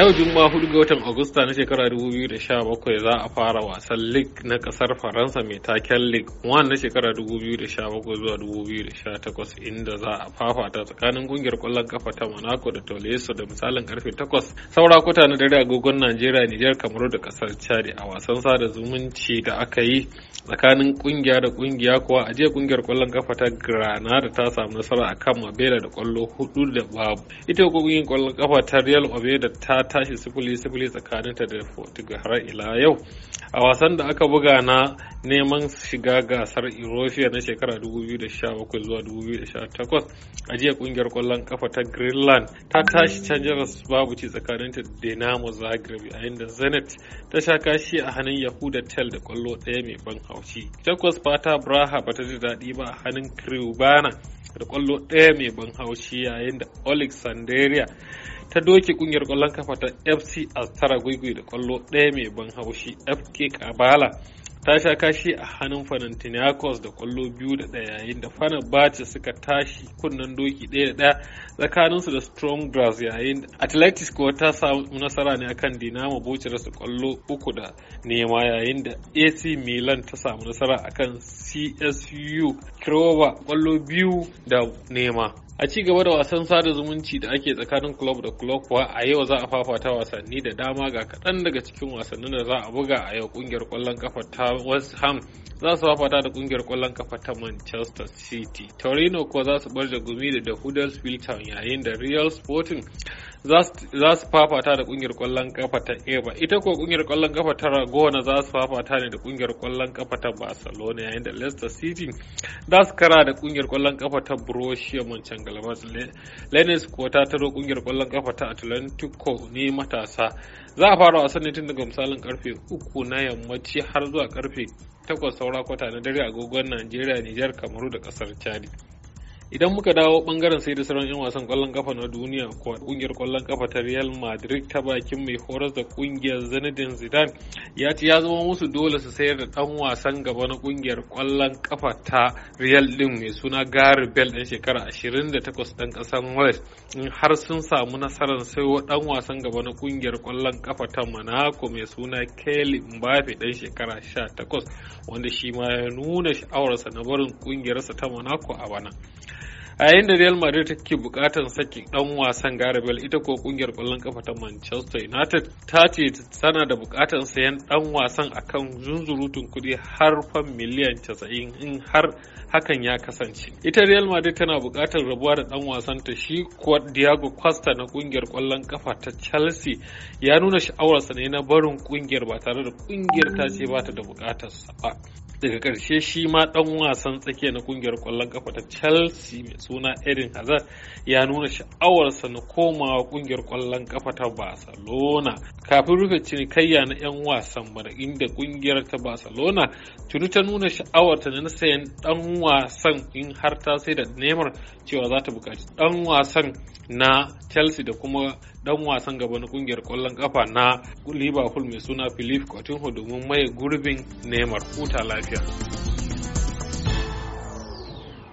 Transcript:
yau juma'a hudu ga watan agusta na shekara 2017 za a fara wasan league na kasar faransa mai taken league 1 na shekara 2017 zuwa 2018 inda za a fafata tsakanin kungiyar kwallon kafa ta monaco da toleso da misalin karfe 8 saura kuta na dare agogon najeriya nijar kamaru da kasar chad a wasan sada zumunci da aka yi tsakanin kungiya da kungiya kuwa a jiya kungiyar kwallon kafa ta granada ta samu nasara akan mabela da kwallo hudu da babu ita kungiyar kwallon kafa ta real obeda ta tashi sifili sifili ta da Portugal har ila yau a wasan da aka buga na neman shiga gasar Eurofia na shekara 2017 zuwa 2018 a jiya kungiyar kwallon kafa ta Greenland ta tashi canjar babu ci tsakaninta da Dinamo Zagreb yayin da Zenit ta sha kashi a hannun Yahuda Tel da kwallo ɗaya mai ban haushi. Takwas Fata Braha ba ta ji daɗi ba a hannun Kribana da kwallo ɗaya mai ban haushi yayin da Alexandria ta doke kungiyar kwallon kafa ta FC Astara Guigui da kwallo ɗaya mai ban haushi FK Kabala ta sha kashi a hannun Panathinaikos da kwallo biyu da ɗaya yayin da Fenerbahce suka tashi kunnen doki ɗaya da ɗaya tsakaninsu da Strong Grass yayin Athletics kuwa ta samu nasara ne akan Dinamo Bucharest da kwallo uku da nema yayin da AC Milan ta samu nasara akan CSU Crova kwallo biyu da nema. a ci gaba da wasan sada zumunci da ake tsakanin club da club kuwa a yau za a fafata wasanni da dama ga kaɗan daga cikin wasannin da za a buga a yau kungiyar kwallon kafa ta west ham za su fafata da kungiyar kwallon kafa ta manchester city torino kuwa za su bar da gumi da huddersfield town yayin da real sporting za su fafata da kungiyar kwallon kafa ta eba ita kuwa kungiyar kwallon kafa ta ragona za su fafata ne da kungiyar kwallon kafa ta barcelona yayin da leicester city za su kara da kungiyar kwallon kafa ta borussia mönchengladbach galmas lenis kuwa ta taro kungiyar kwallon kafa ta atlantico ne matasa za a fara wasan tun daga misalin karfe uku na yammaci har zuwa karfe takwas saura kwata na dare agogon najeriya nijar kamaru da kasar chadi idan muka dawo bangaren sai da sauran 'yan wasan kwallon kafa na duniya ko kungiyar kwallon kafa ta real madrid ta bakin mai horas da kungiyar zinedine zidane ya ce ya zama musu dole su sayar da dan wasan gaba na kungiyar kwallon kafa ta real din mai suna gary bell dan shekara 28 dan kasan wales in har sun samu nasarar wa dan wasan gaba na kungiyar kwallon kafa ta monaco mai suna kelly mbappe dan shekara 18 wanda shi ma ya nuna sha'awarsa na barin kungiyarsa ta monaco a bana a yayin da real madrid take bukatar saki dan wasan garibel ita ko kungiyar kwallon kafa ta manchester united ta ce tana da bukatar sayan dan wasan akan zunzurutun kudi har fan miliyan 90 in har hakan ya kasance ita real madrid tana bukatar rabuwa da dan wasan ta shi kuwa diago costa na kungiyar kwallon kafa ta chelsea ya nuna sha'awarsa ne na barin kungiyar ba tare da kungiyar ta ce ba ta da bukatarsa ba daga ƙarshe shi ma ɗan wasan tsakiya na ƙungiyar ƙwallon kafa ta chelsea mai suna erin hazard ya nuna sha'awarsa na komawa ƙungiyar ƙwallon kafa ta barcelona kafin rufe cinikayya na 'yan wasan bana inda ƙungiyar ta barcelona tuni ta nuna sha'awarta na sayan ɗan wasan in har ta sai da neymar cewa za ta buƙaci ɗan wasan na Chelsea da kuma dan wasan gaba na kungiyar kwallon kafa na Liverpool mai suna Philippe Coutinho domin maye gurbin Neymar huta lafiya.